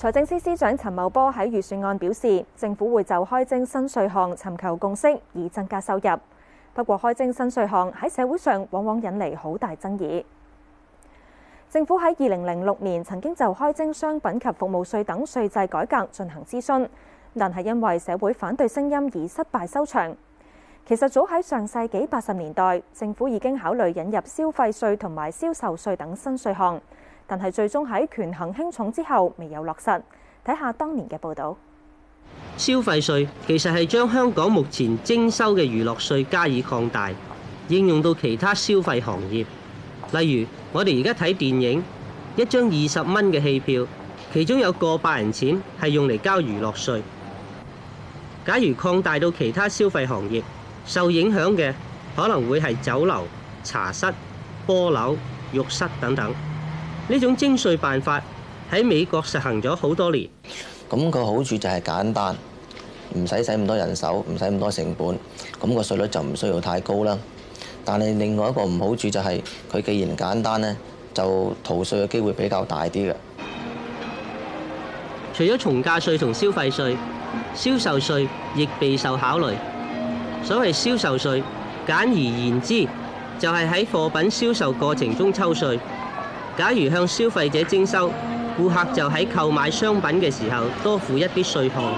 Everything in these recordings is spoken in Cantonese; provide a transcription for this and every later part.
財政司司長陳茂波喺預算案表示，政府會就開徵新稅項尋求共識，以增加收入。不過，開徵新稅項喺社會上往往引嚟好大爭議。政府喺二零零六年曾經就開徵商品及服務稅等稅制改革進行諮詢，但係因為社會反對聲音而失敗收場。其實早喺上世紀八十年代，政府已經考慮引入消費稅同埋銷售稅等新稅項。但係最終喺權衡輕重之後，未有落實。睇下當年嘅報導，消費稅其實係將香港目前徵收嘅娛樂稅加以擴大，應用到其他消費行業。例如，我哋而家睇電影，一張二十蚊嘅戲票，其中有個百元錢係用嚟交娛樂稅。假如擴大到其他消費行業，受影響嘅可能會係酒樓、茶室、波樓、浴室等等。呢種徵稅辦法喺美國實行咗好多年，咁個好處就係簡單，唔使使咁多人手，唔使咁多成本，咁個稅率就唔需要太高啦。但係另外一個唔好處就係佢既然簡單呢，就逃稅嘅機會比較大啲嘅。除咗從價稅同消費稅，銷售稅亦備受考慮。所謂銷售稅，簡而言之，就係喺貨品銷售過程中抽稅。假如向消費者徵收，顧客就喺購買商品嘅時候多付一啲稅項；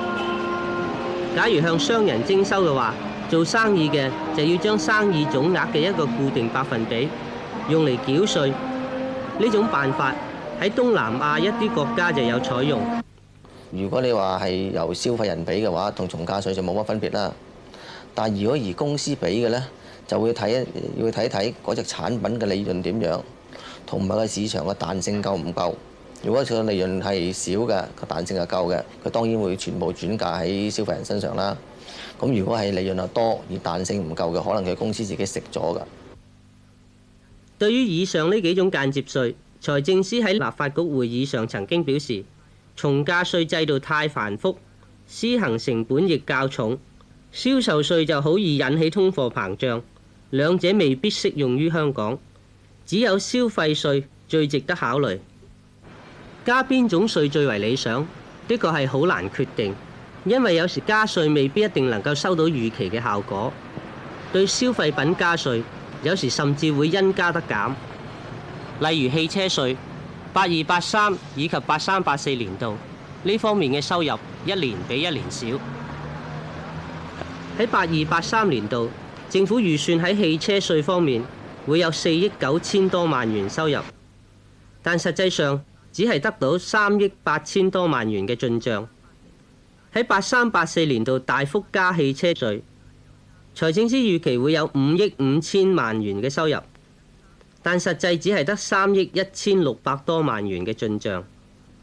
假如向商人徵收嘅話，做生意嘅就要將生意總額嘅一個固定百分比用嚟繳稅。呢種辦法喺東南亞一啲國家就有採用。如果你話係由消費人俾嘅話，同從價稅就冇乜分別啦。但如果而公司俾嘅呢，就會睇要睇睇嗰隻產品嘅利潤點樣。同埋個市場嘅彈性夠唔夠？如果佢個利潤係少嘅，個彈性係夠嘅，佢當然會全部轉嫁喺消費人身上啦。咁如果係利潤又多而彈性唔夠嘅，可能佢公司自己食咗㗎。對於以上呢幾種間接稅，財政司喺立法局會議上曾經表示，從價稅制度太繁複，施行成本亦較重，銷售稅就好易引起通貨膨脹，兩者未必適用於香港。只有消費稅最值得考慮，加邊種稅最為理想，的確係好難決定，因為有時加稅未必一定能夠收到預期嘅效果。對消費品加稅，有時甚至會因加得減。例如汽車稅，八二八三以及八三八四年度，呢方面嘅收入一年比一年少。喺八二八三年度，政府預算喺汽車稅方面。會有四億九千多萬元收入，但實際上只係得到三億八千多萬元嘅進帳。喺八三八四年度大幅加汽車稅，財政司預期會有五億五千萬元嘅收入，但實際只係得三億一千六百多萬元嘅進帳。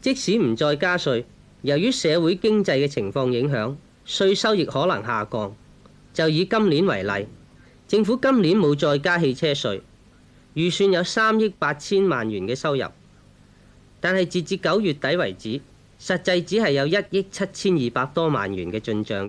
即使唔再加稅，由於社會經濟嘅情況影響，稅收亦可能下降。就以今年為例。政府今年冇再加汽車稅，預算有三億八千萬元嘅收入，但係截至九月底為止，實際只係有一億七千二百多萬元嘅進賬。